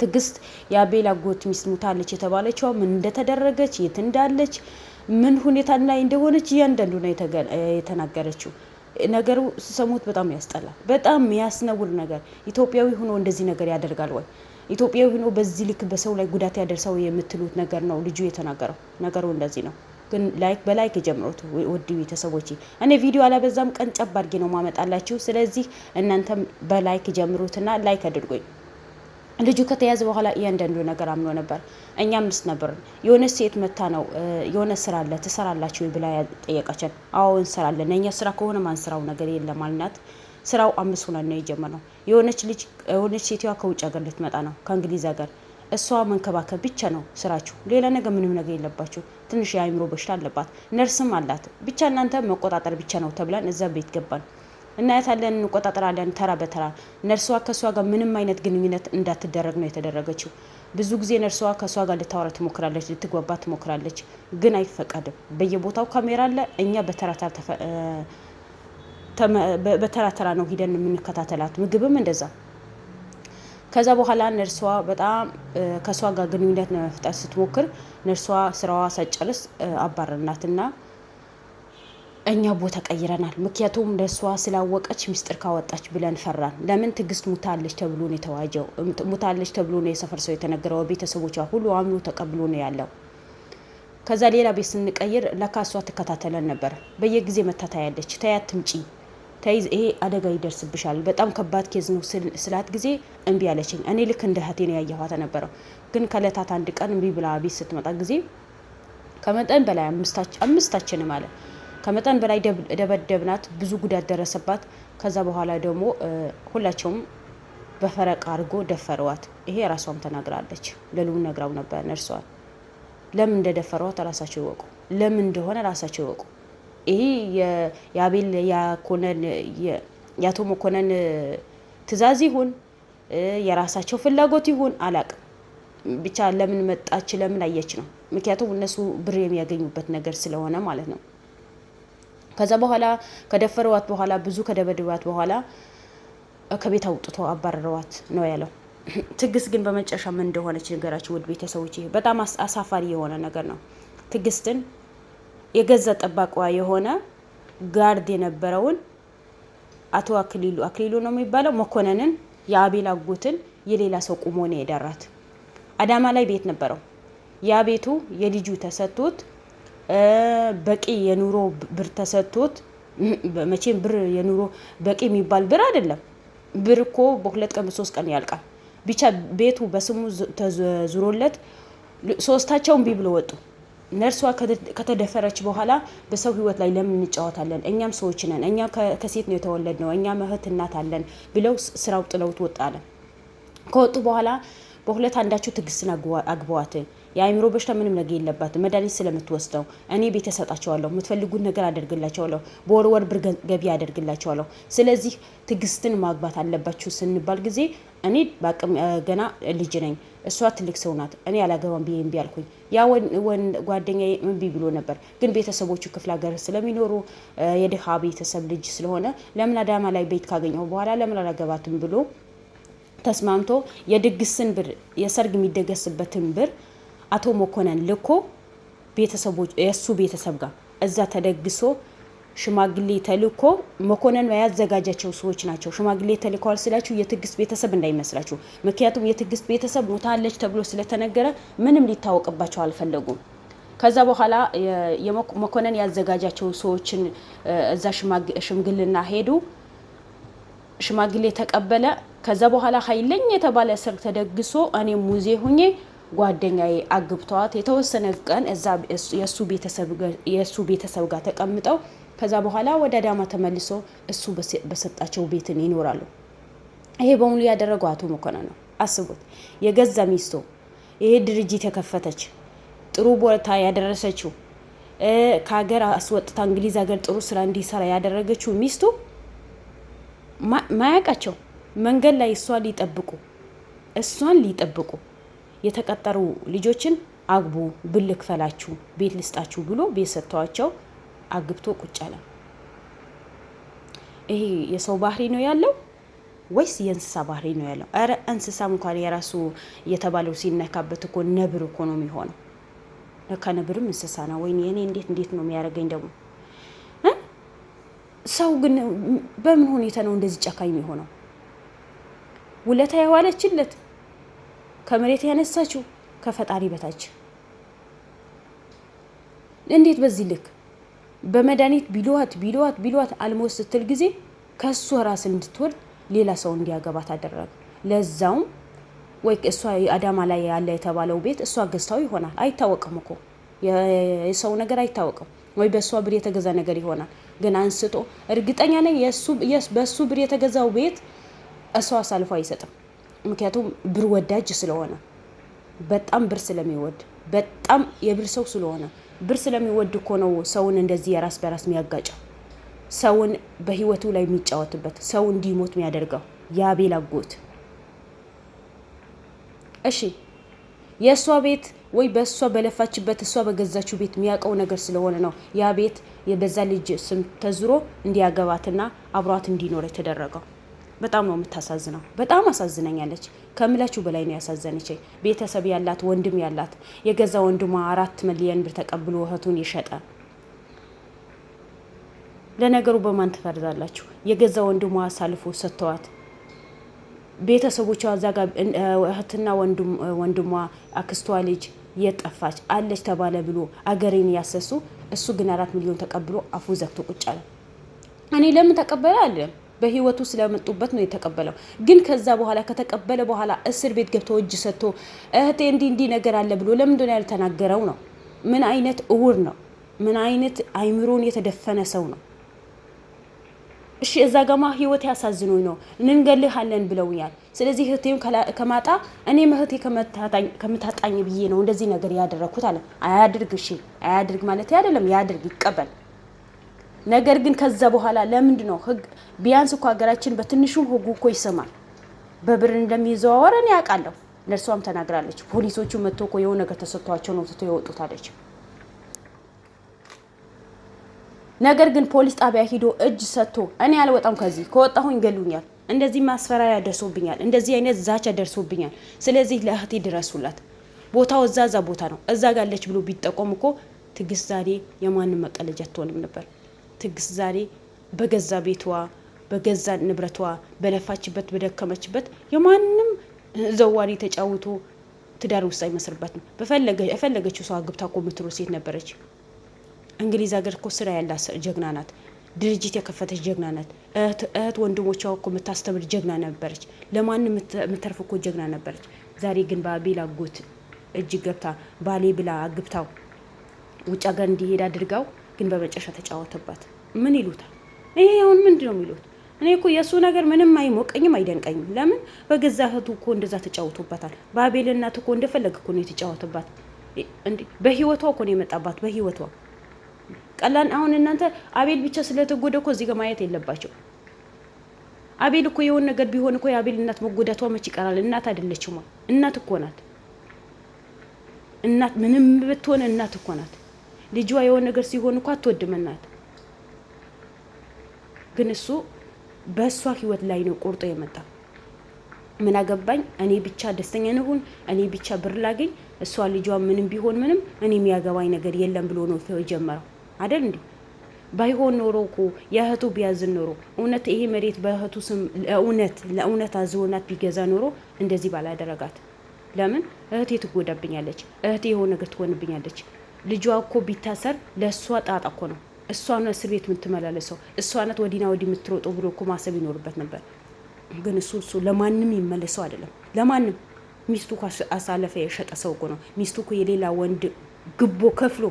ትግስት የአቤል አጎት ሚስት ሙታለች የተባለችው ምን እንደተደረገች፣ የት እንዳለች፣ ምን ሁኔታ ላይ እንደሆነች እያንዳንዱ ነው የተናገረችው። ነገሩ ስሰሙት በጣም ያስጠላል። በጣም ያስነውር ነገር። ኢትዮጵያዊ ሆኖ እንደዚህ ነገር ያደርጋል ወይ? ኢትዮጵያዊ ሆኖ በዚህ ልክ በሰው ላይ ጉዳት ያደርሰው የምትሉት ነገር ነው ልጁ የተናገረው። ነገሩ እንደዚህ ነው። ግን ላይክ በላይክ ጀምሮት ውድ ቤተሰቦች፣ እኔ ቪዲዮ አላበዛም፣ ቀን ጨባድጌ ነው ማመጣላችሁ። ስለዚህ እናንተም በላይክ ጀምሩትና ላይክ አድርጎኝ ልጁ ከተያዘ በኋላ እያንዳንዱ ነገር አምኖ ነበር። እኛ አምስት ነበርን። የሆነ ሴት መታ ነው የሆነ ስራ አለ ትሰራላችሁ ብላ ጠየቀችን። አዎ እንሰራለን። እኛ ስራ ከሆነ ማንስራው ነገር የለም አልናት። ስራው አምስት ሆነን ነው የጀመርነው። የሆነች ልጅ የሆነች ሴትዋ ከውጭ ሀገር ልትመጣ ነው ከእንግሊዝ ሀገር። እሷ መንከባከብ ብቻ ነው ስራችሁ። ሌላ ነገር ምንም ነገር የለባችሁ። ትንሽ የአይምሮ በሽታ አለባት፣ ነርስም አላት። ብቻ እናንተ መቆጣጠር ብቻ ነው ተብለን እዛ ቤት ገባን። እናያታለን፣ እንቆጣጠራለን ተራ በተራ ነርሷ ከእሷ ጋር ምንም አይነት ግንኙነት እንዳትደረግ ነው የተደረገችው። ብዙ ጊዜ ነርሷ ከእሷ ጋር ልታወራ ትሞክራለች፣ ልትግባባ ትሞክራለች፣ ግን አይፈቀድም። በየቦታው ካሜራ አለ። እኛ በተራ ተራ ነው ሂደን የምንከታተላት። ምግብም እንደዛ። ከዛ በኋላ ነርሷ በጣም ከእሷ ጋር ግንኙነት ለመፍጠር ስትሞክር ነርሷ ስራዋ ሳጨርስ አባረናትና እኛ ቦታ ቀይረናል። ምክንያቱም ለእሷ ስላወቀች ሚስጥር ካወጣች ብለን ፈራን። ለምን ትግስት ሙታለች ተብሎ ነው የተዋጀው፣ ሙታለች ተብሎ ነው የሰፈር ሰው የተነገረው። ቤተሰቦቿ ሁሉ አምኖ ተቀብሎ ነው ያለው። ከዛ ሌላ ቤት ስንቀይር ለካ እሷ ትከታተለን ነበር። በየጊዜ መታታ ያለች ተያት፣ ትምጪ ተይዝ፣ ይሄ አደጋ ይደርስብሻል፣ በጣም ከባድ ኬዝ ነው ስላት ጊዜ እምቢ አለችኝ። እኔ ልክ እንደ እህቴ ነው ያየኋት ነበረው። ግን ከእለታት አንድ ቀን እምቢ ብላ ቤት ስትመጣ ጊዜ ከመጠን በላይ አምስታችንም አለ ከመጠን በላይ ደበደብናት፣ ብዙ ጉዳት ደረሰባት። ከዛ በኋላ ደግሞ ሁላቸውም በፈረቃ አድርጎ ደፈረዋት። ይሄ ራሷም ተናግራለች። ለልቡ ነግራው ነበር ነርሷል። ለምን እንደደፈረዋት ራሳቸው ይወቁ፣ ለምን እንደሆነ ራሳቸው ይወቁ። ይሄ የአቤል ያኮነን የአቶ መኮነን ትእዛዝ ይሁን የራሳቸው ፍላጎት ይሁን አላቅም። ብቻ ለምን መጣች ለምን አየች ነው። ምክንያቱም እነሱ ብር የሚያገኙበት ነገር ስለሆነ ማለት ነው። ከዛ በኋላ ከደፈረዋት በኋላ ብዙ ከደበድባት በኋላ ከቤት አውጥቶ አባረረዋት ነው ያለው። ትግስት ግን በመጨረሻ ምን እንደሆነች ነገራችሁ ውድ ቤተሰቦች። ይሄ በጣም አሳፋሪ የሆነ ነገር ነው። ትግስትን የገዛ ጠባቋ የሆነ ጋርድ የነበረውን አቶ አክሊሉ አክሊሉ ነው የሚባለው መኮንንን የአቤል አጎትን የሌላ ሰው ቁሞ ነው የዳራት። አዳማ ላይ ቤት ነበረው። ያ ቤቱ የልጁ ተሰጥቶት በቂ የኑሮ ብር ተሰጥቶት መቼም ብር የኑሮ በቂ የሚባል ብር አይደለም። ብር እኮ በሁለት ቀን በሶስት ቀን ያልቃል። ብቻ ቤቱ በስሙ ተዙሮለት ሶስታቸውን ቢ ብሎ ወጡ። ነርሷ ከተደፈረች በኋላ በሰው ህይወት ላይ ለምን እንጫወታለን? እኛም ሰዎች ነን። እኛ ከሴት ነው የተወለድ ነው። እኛም እህት እናት አለን ብለው ስራው ጥለውት ወጣለን። ከወጡ በኋላ በሁለት አንዳቸው ትግስትን አግቧት የአይምሮ በሽታ ምንም ነገር የለባትም። መድኃኒት ስለምትወስደው እኔ ቤት እሰጣቸዋለሁ፣ የምትፈልጉን ነገር አደርግላቸዋለሁ፣ በወር ወር ብር ገቢ አደርግላቸዋለሁ። ስለዚህ ትዕግስትን ማግባት አለባችሁ ስንባል ጊዜ እኔ በአቅም ገና ልጅ ነኝ፣ እሷ ትልቅ ሰው ናት። እኔ አላገባም ብዬ እምቢ አልኩኝ። ያ ጓደኛ እምቢ ብሎ ነበር፣ ግን ቤተሰቦቹ ክፍለ ሀገር ስለሚኖሩ የድሃ ቤተሰብ ልጅ ስለሆነ ለምን አዳማ ላይ ቤት ካገኘ በኋላ ለምን አላገባትም ብሎ ተስማምቶ የድግስን ብር የሰርግ የሚደገስበትን ብር አቶ መኮንን ልኮ ቤተሰቦች የእሱ ቤተሰብ ጋር እዛ ተደግሶ ሽማግሌ ተልኮ መኮንን ያዘጋጃቸው ሰዎች ናቸው። ሽማግሌ ተልከዋል ስላችሁ የትግስት ቤተሰብ እንዳይመስላችሁ። ምክንያቱም የትግስት ቤተሰብ ሞታለች ተብሎ ስለተነገረ ምንም ሊታወቅባቸው አልፈለጉም። ከዛ በኋላ መኮንን ያዘጋጃቸው ሰዎችን እዛ ሽምግልና ሄዱ። ሽማግሌ ተቀበለ። ከዛ በኋላ ኃይለኛ የተባለ ሰርግ ተደግሶ እኔ ሙዜ ሁኜ ጓደኛዬ አግብተዋት የተወሰነ ቀን እዛ የእሱ ቤተሰብ ጋር ተቀምጠው ከዛ በኋላ ወደ አዳማ ተመልሶ እሱ በሰጣቸው ቤትን ይኖራሉ። ይሄ በሙሉ ያደረገው አቶ መኮንን ነው። አስቡት፣ የገዛ ሚስቶ ይሄ ድርጅት የከፈተች ጥሩ ቦታ ያደረሰችው ከሀገር አስወጥታ እንግሊዝ ሀገር ጥሩ ስራ እንዲሰራ ያደረገችው ሚስቱ ማያውቃቸው መንገድ ላይ እሷን ሊጠብቁ እሷን ሊጠብቁ የተቀጠሩ ልጆችን አግቡ ብልክፈላችሁ ቤት ልስጣችሁ ብሎ ቤት ሰጥተዋቸው አግብቶ ቁጭ አለ። ይሄ የሰው ባህሪ ነው ያለው ወይስ የእንስሳ ባህሪ ነው ያለው? እረ እንስሳም እንኳን የራሱ የተባለው ሲነካበት እኮ ነብር እኮ ነው የሚሆነው። ለካ ነብርም እንስሳ ነው። ወይኔ እኔ እንዴት እንዴት ነው የሚያደርገኝ ደግሞ። ሰው ግን በምን ሁኔታ ነው እንደዚህ ጨካኝ የሚሆነው? ውለታ የዋለችለት ከመሬት ያነሳችው ከፈጣሪ በታች እንዴት በዚህ ልክ በመድኃኒት ቢሏት ቢሏት ቢሏት አልሞት ስትል ጊዜ ከእሱ ራስ እንድትወርድ ሌላ ሰው እንዲያገባ አደረገ። ለዛውም ወይ እሷ አዳማ ላይ ያለ የተባለው ቤት እሷ ገዝታው ይሆናል። አይታወቅም እኮ የሰው ነገር አይታወቅም። ወይ በእሷ ብር የተገዛ ነገር ይሆናል። ግን አንስቶ እርግጠኛ ነኝ በእሱ ብር የተገዛው ቤት እሷ አሳልፎ አይሰጥም። ምክንያቱም ብር ወዳጅ ስለሆነ በጣም ብር ስለሚወድ በጣም የብር ሰው ስለሆነ ብር ስለሚወድ እኮ ነው ሰውን እንደዚህ የራስ በራስ የሚያጋጨው ሰውን በህይወቱ ላይ የሚጫወትበት ሰው እንዲሞት የሚያደርገው የአቤል አጎት። እሺ የእሷ ቤት ወይ በእሷ በለፋችበት እሷ በገዛችው ቤት የሚያውቀው ነገር ስለሆነ ነው ያ ቤት የበዛ ልጅ ስም ተዝሮ እንዲያገባትና አብሯት እንዲኖር የተደረገው። በጣም ነው የምታሳዝነው። በጣም አሳዝነኛለች ከምላችሁ በላይ ነው ያሳዘነች። ቤተሰብ ያላት ወንድም ያላት የገዛ ወንድሟ አራት ሚሊዮን ብር ተቀብሎ እህቱን ይሸጠ። ለነገሩ በማን ትፈርዳላችሁ? የገዛ ወንድሟ አሳልፎ ሰጥተዋት ቤተሰቦቿ እዛ ጋ እህትና ወንድሟ አክስቷ ልጅ የጠፋች አለች ተባለ ብሎ አገሬን ያሰሱ እሱ ግን አራት ሚሊዮን ተቀብሎ አፉ ዘግቶ ቁጭ አለ። እኔ ለምን ተቀበለ አለም በህይወቱ ስለመጡበት ነው የተቀበለው። ግን ከዛ በኋላ ከተቀበለ በኋላ እስር ቤት ገብቶ እጅ ሰጥቶ እህቴ እንዲህ እንዲህ ነገር አለ ብሎ ለምንድን ያልተናገረው ነው? ምን አይነት እውር ነው? ምን አይነት አይምሮን የተደፈነ ሰው ነው? እሺ እዛ ጋማ ህይወት ያሳዝኖኝ ነው እንንገልሃለን ብለውኛል። ስለዚህ እህቴም ከማጣ እኔም እህቴ ከምታጣኝ ብዬ ነው እንደዚህ ነገር ያደረግኩት አለ። አያድርግ። እሺ አያድርግ ማለት አይደለም፣ ያድርግ፣ ይቀበል ነገር ግን ከዛ በኋላ ለምንድ ነው ህግ ቢያንስ እኮ ሀገራችን በትንሹም ህጉ እኮ ይሰማል። በብር እንደሚዘዋወር እኔ አውቃለሁ? ነርሷም ተናግራለች። ፖሊሶቹ መጥቶ እኮ የሆነ ነገር ተሰጥቷቸው ነው ትቶ የወጡት አለች። ነገር ግን ፖሊስ ጣቢያ ሂዶ እጅ ሰጥቶ እኔ አልወጣም ከዚህ ከወጣሁኝ ይገሉኛል፣ እንደዚህ ማስፈራሪያ ደርሶብኛል፣ እንደዚህ አይነት ዛቻ ደርሶብኛል፣ ስለዚህ ለእህቴ ድረሱላት፣ ቦታው እዛ እዛ ቦታ ነው እዛ ጋለች ብሎ ቢጠቆም እኮ ትግስት ዛሬ የማንም መቀለጃ አትሆንም ነበር። ትግስት ዛሬ በገዛ ቤቷ በገዛ ንብረቷ በለፋችበት በደከመችበት የማንም ዘዋሪ ተጫውቶ ትዳር ውስጥ ነው። የፈለገችው ሰው አግብታ እኮ የምትኖር ሴት ነበረች። እንግሊዝ ሀገር እኮ ስራ ያላት ጀግና ናት። ድርጅት የከፈተች ጀግና ናት። እህት ወንድሞቿ እኮ የምታስተምር ጀግና ነበረች። ለማንም የምተርፍ እኮ ጀግና ነበረች። ዛሬ ግን በአቤል አጎት እጅ ገብታ ባሌ ብላ አግብታው ውጭ ሀገር እንዲሄድ አድርጋው ግን በመጨረሻ ተጫወተባት። ምን ይሉታል? ይሄ አሁን ምንድን ነው የሚሉት? እኔ እኮ የእሱ ነገር ምንም አይሞቀኝም አይደንቀኝም። ለምን በገዛ እህቱ እኮ እንደዛ ተጫወቶባታል በአቤል እናት እኮ እንደፈለግ እኮ ነው የተጫወተባት። በህይወቷ እኮ ነው የመጣባት። በህይወቷ ቀላል። አሁን እናንተ አቤል ብቻ ስለተጎደ እኮ እዚህ ጋር ማየት የለባቸው። አቤል እኮ የሆን ነገር ቢሆን እኮ የአቤል እናት መጎዳቷ መች ይቀራል? እናት አይደለችማ። እናት እኮ ናት። እናት ምንም ብትሆን እናት እኮ ናት። ልጇ የሆነ ነገር ሲሆን እኮ አትወድምናት። ግን እሱ በእሷ ህይወት ላይ ነው ቆርጦ የመጣ ምን አገባኝ እኔ ብቻ ደስተኛ ንሁን፣ እኔ ብቻ ብር ላገኝ፣ እሷ ልጇ ምንም ቢሆን ምንም እኔ የሚያገባኝ ነገር የለም ብሎ ነው የጀመረው አደል እንዴ? ባይሆን ኖሮ እኮ የእህቱ ቢያዝን ኖሮ እውነት ይሄ መሬት በእህቱ ስም ለእውነት ለእውነት አዝሆናት ቢገዛ ኖሮ እንደዚህ ባላደረጋት። ለምን እህቴ ትጎዳብኛለች፣ እህቴ የሆነ ነገር ትሆንብኛለች ልጇ እኮ ቢታሰር ለእሷ ጣጣ እኮ ነው። እሷ ነው እስር ቤት የምትመላለሰው፣ እሷ ናት ወዲና ወዲህ የምትሮጠው ብሎ እኮ ማሰብ ይኖርበት ነበር። ግን እሱ እሱ ለማንም ይመለሰው አይደለም ለማንም ሚስቱ አሳለፈ የሸጠ ሰው እኮ ነው። ሚስቱ እኮ የሌላ ወንድ ግቦ ከፍሎ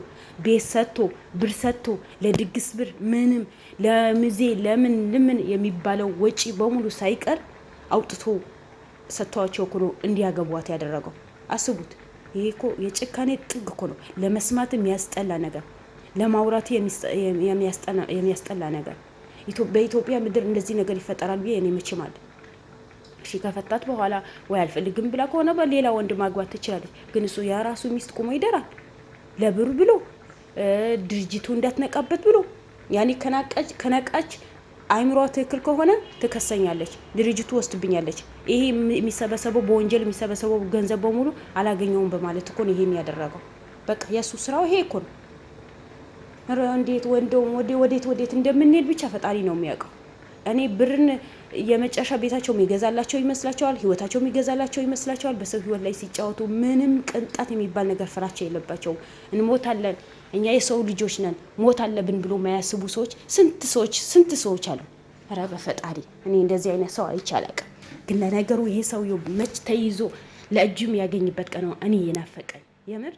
ቤት ሰጥቶ ብር ሰጥቶ ለድግስ ብር ምንም ለምዜ ለምን ልምን የሚባለው ወጪ በሙሉ ሳይቀር አውጥቶ ሰጥተዋቸው እኮ ነው እንዲያገቧት ያደረገው። አስቡት። ይሄ እኮ የጭካኔ ጥግ እኮ ነው። ለመስማት የሚያስጠላ ነገር፣ ለማውራት የሚያስጠላ ነገር። በኢትዮጵያ ምድር እንደዚህ ነገር ይፈጠራል ብዬ እኔ መቼም አለ እሺ ከፈታት በኋላ ወይ አልፈልግም ብላ ከሆነ በሌላ ወንድ ማግባት ትችላለች። ግን እሱ የራሱ ሚስት ቁሞ ይደራል ለብር ብሎ ድርጅቱ እንዳትነቃበት ብሎ ያኔ ከናቃች ከነቃች አይምሯ ትክክል ከሆነ ትከሰኛለች፣ ድርጅቱ ወስድብኛለች፣ ይሄ የሚሰበሰበው በወንጀል የሚሰበሰበው ገንዘብ በሙሉ አላገኘውም በማለት እኮ ነው ይሄን ያደረገው። በቃ የእሱ ስራው ይሄ እኮ ነው። እንዴት ወንደው ወዴት ወዴት እንደምንሄድ ብቻ ፈጣሪ ነው የሚያውቀው። እኔ ብርን የመጨረሻ ቤታቸው የሚገዛላቸው ይመስላቸዋል። ህይወታቸው የሚገዛላቸው ይመስላቸዋል። በሰው ህይወት ላይ ሲጫወቱ ምንም ቅንጣት የሚባል ነገር ፍራቸው የለባቸውም። እንሞታለን፣ እኛ የሰው ልጆች ነን፣ ሞት አለብን ብሎ የማያስቡ ሰዎች ስንት ሰዎች ስንት ሰዎች አሉ። ኧረ በፈጣሪ እኔ እንደዚህ አይነት ሰው አይቻላቅ። ግን ለነገሩ ይሄ ሰውዬው መች ተይዞ ለእጁም ያገኝበት ቀን እኔ የናፈቀኝ የምር